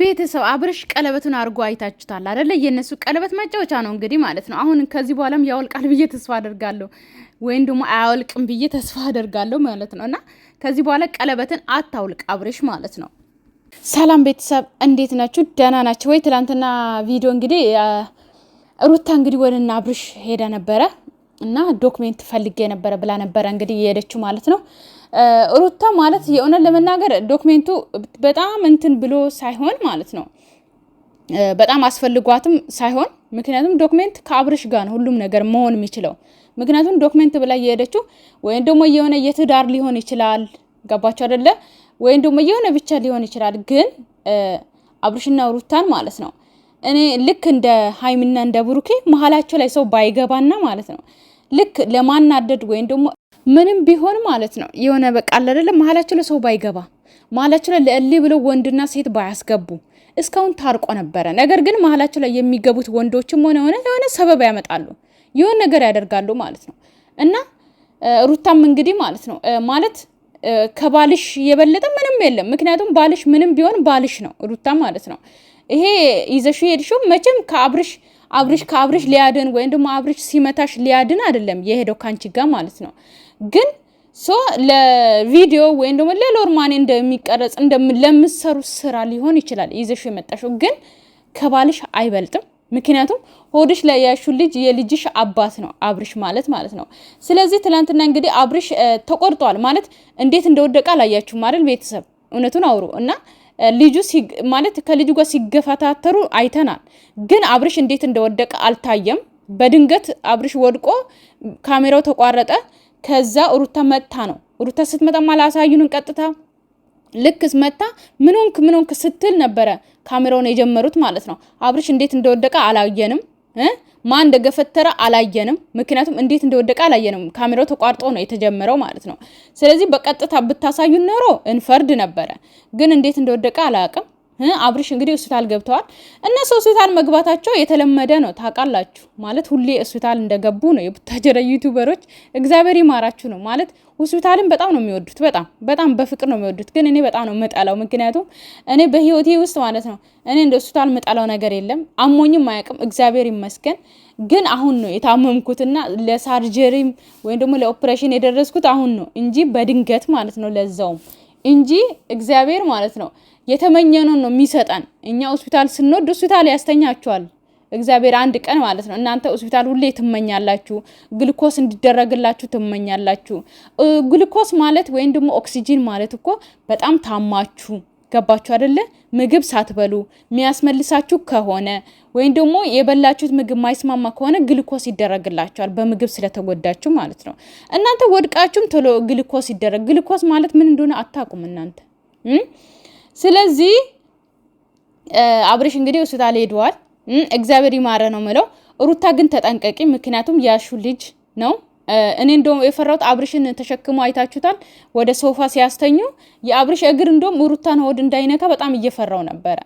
ቤተሰብ አብርሽ ቀለበቱን አድርጎ አይታችሁታል አደለ? የእነሱ ቀለበት መጫወቻ ነው እንግዲህ ማለት ነው። አሁን ከዚህ በኋላም ያወልቃል ብዬ ተስፋ አደርጋለሁ፣ ወይም ደግሞ አያወልቅም ብዬ ተስፋ አደርጋለሁ ማለት ነው። እና ከዚህ በኋላ ቀለበትን አታውልቅ አብርሽ ማለት ነው። ሰላም ቤተሰብ እንዴት ናችሁ? ደህና ናቸው ወይ? ትላንትና ቪዲዮ እንግዲህ ሩታ እንግዲህ ወደና አብርሽ ሄዳ ነበረ እና ዶክሜንት ፈልጌ ነበረ ብላ ነበረ እንግዲህ የሄደችው ማለት ነው ሩታ ማለት የእውነት ለመናገር ዶክሜንቱ በጣም እንትን ብሎ ሳይሆን ማለት ነው በጣም አስፈልጓትም ሳይሆን ምክንያቱም ዶክሜንት ከአብርሽ ጋር ነው ሁሉም ነገር መሆን የሚችለው። ምክንያቱም ዶክሜንት ብላ የሄደችው ወይም ደግሞ የሆነ የትዳር ሊሆን ይችላል ገባቸው አደለ? ወይም ደግሞ የሆነ ብቻ ሊሆን ይችላል። ግን አብርሽና ሩታን ማለት ነው እኔ ልክ እንደ ሀይሚና እንደ ብሩኬ መሀላቸው ላይ ሰው ባይገባና ማለት ነው ልክ ለማናደድ ወይም ደግሞ ምንም ቢሆን ማለት ነው የሆነ በቃ አለ አይደለም መሀላቸው ለሰው ባይገባ መሀላቸው ላይ ለእልህ ብለው ወንድና ሴት ባያስገቡ እስካሁን ታርቆ ነበረ። ነገር ግን መሀላቸው ላይ የሚገቡት ወንዶችም ሆነ ሆነ የሆነ ሰበብ ያመጣሉ፣ የሆነ ነገር ያደርጋሉ ማለት ነው እና ሩታም እንግዲህ ማለት ነው ማለት ከባልሽ የበለጠ ምንም የለም። ምክንያቱም ባልሽ ምንም ቢሆን ባልሽ ነው ሩታ ማለት ነው። ይሄ ይዘሽ ሄድሽው መቼም ከአብርሽ አብርሽ ከአብርሽ ሊያድን ወይም ደግሞ አብርሽ ሲመታሽ ሊያድን አይደለም የሄደው ካንቺ ጋር ማለት ነው። ግን ሶ ለቪዲዮ ወይም ደግሞ ለሎርማኔ እንደሚቀረጽ ለምሰሩ ስራ ሊሆን ይችላል ይዘሽ የመጣሽው ግን ከባልሽ አይበልጥም። ምክንያቱም ሆድሽ ላይ ያሹ ልጅ የልጅሽ አባት ነው አብርሽ ማለት ማለት ነው። ስለዚህ ትላንትና እንግዲህ አብርሽ ተቆርጧል ማለት እንዴት እንደወደቀ አላያችሁም አይደል? ቤተሰብ እውነቱን አውሩ እና ልጁ ማለት ከልጁ ጋር ሲገፈታተሩ አይተናል። ግን አብርሽ እንዴት እንደወደቀ አልታየም። በድንገት አብርሽ ወድቆ ካሜራው ተቋረጠ። ከዛ ሩታ መታ ነው። ሩታ ስትመጣ አላሳዩንን ቀጥታ ልክስ መታ ምንንክ ምንንክ ስትል ነበረ ካሜራውን የጀመሩት ማለት ነው። አብርሽ እንዴት እንደወደቀ አላየንም። ማን እንደገፈተረ አላየንም። ምክንያቱም እንዴት እንደወደቀ አላየንም። ካሜራው ተቋርጦ ነው የተጀመረው ማለት ነው። ስለዚህ በቀጥታ ብታሳዩ ኖሮ እንፈርድ ነበረ፣ ግን እንዴት እንደወደቀ አላቅም። አብርሽ እንግዲህ ሆስፒታል ገብተዋል። እነሱ ሆስፒታል መግባታቸው የተለመደ ነው ታውቃላችሁ። ማለት ሁሌ ሆስፒታል እንደገቡ ነው የቡታጀራ ዩቱበሮች። እግዚአብሔር ይማራችሁ ነው ማለት ሆስፒታልን በጣም ነው የሚወዱት። በጣም በጣም በፍቅር ነው የሚወዱት። ግን እኔ በጣም ነው የምጠላው። ምክንያቱም እኔ በህይወቴ ውስጥ ማለት ነው እኔ እንደ ሆስፒታል የምጠላው ነገር የለም፣ አሞኝም አያውቅም እግዚአብሔር ይመስገን። ግን አሁን ነው የታመምኩትና ለሳርጀሪም ወይም ደግሞ ለኦፕሬሽን የደረስኩት አሁን ነው እንጂ በድንገት ማለት ነው ለዛውም እንጂ እግዚአብሔር ማለት ነው የተመኘነውን ነው የሚሰጠን። እኛ ሆስፒታል ስንወድ ሆስፒታል ያስተኛቸዋል እግዚአብሔር አንድ ቀን ማለት ነው። እናንተ ሆስፒታል ሁሌ ትመኛላችሁ፣ ግልኮስ እንዲደረግላችሁ ትመኛላችሁ። ግልኮስ ማለት ወይም ደግሞ ኦክሲጂን ማለት እኮ በጣም ታማችሁ ገባችሁ አደለ? ምግብ ሳትበሉ የሚያስመልሳችሁ ከሆነ ወይም ደግሞ የበላችሁት ምግብ ማይስማማ ከሆነ ግልኮስ ይደረግላቸዋል፣ በምግብ ስለተጎዳችሁ ማለት ነው። እናንተ ወድቃችሁም ቶሎ ግልኮስ ይደረግ። ግልኮስ ማለት ምን እንደሆነ አታውቁም እናንተ። ስለዚህ አብሬሽ እንግዲህ ሆስፒታል ሄደዋል። እግዚአብሔር ይማረ ነው ምለው። ሩታ ግን ተጠንቀቂ፣ ምክንያቱም ያሹ ልጅ ነው እኔ እንደውም የፈራሁት አብርሽን ተሸክሞ አይታችሁታል፣ ወደ ሶፋ ሲያስተኙ የአብርሽ እግር እንደውም ሩታን ሆድ እንዳይነካ በጣም እየፈራው ነበረ።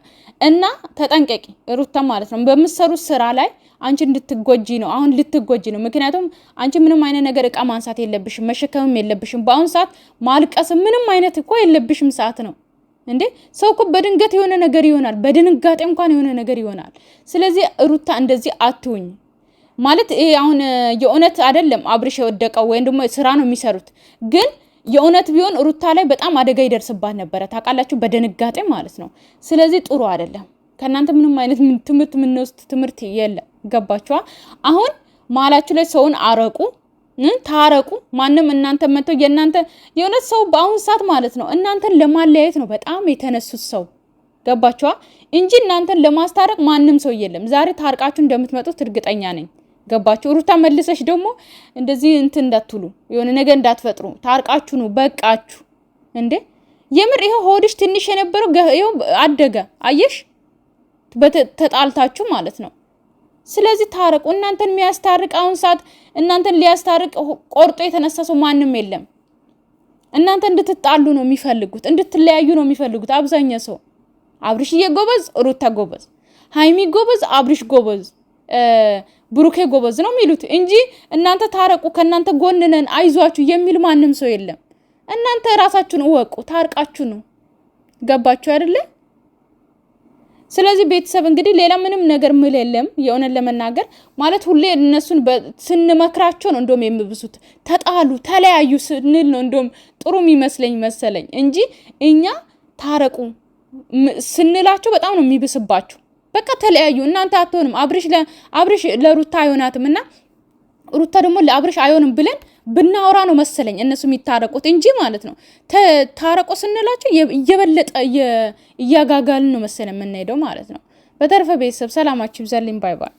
እና ተጠንቀቂ ሩታ ማለት ነው። በምትሰሩት ስራ ላይ አንቺ እንድትጎጂ ነው፣ አሁን ልትጎጂ ነው። ምክንያቱም አንቺ ምንም አይነት ነገር እቃ ማንሳት የለብሽም፣ መሸከምም የለብሽም። በአሁኑ ሰዓት ማልቀስ ምንም አይነት እኮ የለብሽም ሰዓት ነው እንዴ ሰው እኮ በድንገት የሆነ ነገር ይሆናል፣ በድንጋጤ እንኳን የሆነ ነገር ይሆናል። ስለዚህ ሩታ እንደዚህ አትውኝ። ማለት ይሄ አሁን የእውነት አይደለም አብርሽ የወደቀው ወይም ደግሞ ስራ ነው የሚሰሩት ግን የእውነት ቢሆን ሩታ ላይ በጣም አደጋ ይደርስባት ነበረ። ታውቃላችሁ፣ በድንጋጤ ማለት ነው። ስለዚህ ጥሩ አይደለም። ከእናንተ ምንም አይነት ትምህርት የምንወስድ ትምህርት የለም። ገባችኋ? አሁን መሀላችሁ ላይ ሰውን አረቁ፣ ታረቁ። ማንም እናንተ መጥቶ የእናንተ የእውነት ሰው በአሁኑ ሰዓት ማለት ነው እናንተን ለማለያየት ነው በጣም የተነሱት ሰው ገባችኋ? እንጂ እናንተን ለማስታረቅ ማንም ሰው የለም። ዛሬ ታርቃችሁ እንደምትመጡት እርግጠኛ ነኝ። ገባችሁ? ሩታ መልሰሽ ደግሞ እንደዚህ እንትን እንዳትሉ የሆነ ነገር እንዳትፈጥሩ፣ ታርቃችሁ ነው በቃችሁ። እንዴ የምር ይሄ ሆድሽ ትንሽ የነበረው ይኸው አደገ። አየሽ ተጣልታችሁ ማለት ነው። ስለዚህ ታረቁ። እናንተን የሚያስታርቅ አሁን ሰዓት እናንተን ሊያስታርቅ ቆርጦ የተነሳ ሰው ማንም የለም። እናንተ እንድትጣሉ ነው የሚፈልጉት፣ እንድትለያዩ ነው የሚፈልጉት አብዛኛው ሰው። አብርሽዬ ጎበዝ፣ ሩታ ጎበዝ፣ ሀይሚ ጎበዝ፣ አብርሽ ጎበዝ። ብሩኬ ጎበዝ ነው የሚሉት እንጂ እናንተ ታረቁ፣ ከእናንተ ጎን ነን፣ አይዟችሁ የሚል ማንም ሰው የለም። እናንተ ራሳችሁን እወቁ፣ ታርቃችሁ ነው። ገባችሁ አይደለ? ስለዚህ ቤተሰብ እንግዲህ ሌላ ምንም ነገር ምል የለም። የሆነን ለመናገር ማለት ሁሌ እነሱን ስንመክራቸው ነው እንደውም የሚብሱት። ተጣሉ ተለያዩ ስንል ነው እንደውም ጥሩ የሚመስለኝ መሰለኝ እንጂ እኛ ታረቁ ስንላቸው በጣም ነው የሚብስባቸው። በቃ ተለያዩ። እናንተ አትሆንም። አብርሽ አብርሽ ለሩታ አይሆናትም እና ሩታ ደግሞ ለአብርሽ አይሆንም ብለን ብናወራ ነው መሰለኝ እነሱ የሚታረቁት እንጂ ማለት ነው። ታረቁ ስንላቸው እየበለጠ እያጋጋልን ነው መሰለኝ የምንሄደው ማለት ነው። በተረፈ ቤተሰብ ሰላማችሁ ይብዛልኝ። ባይ ባይ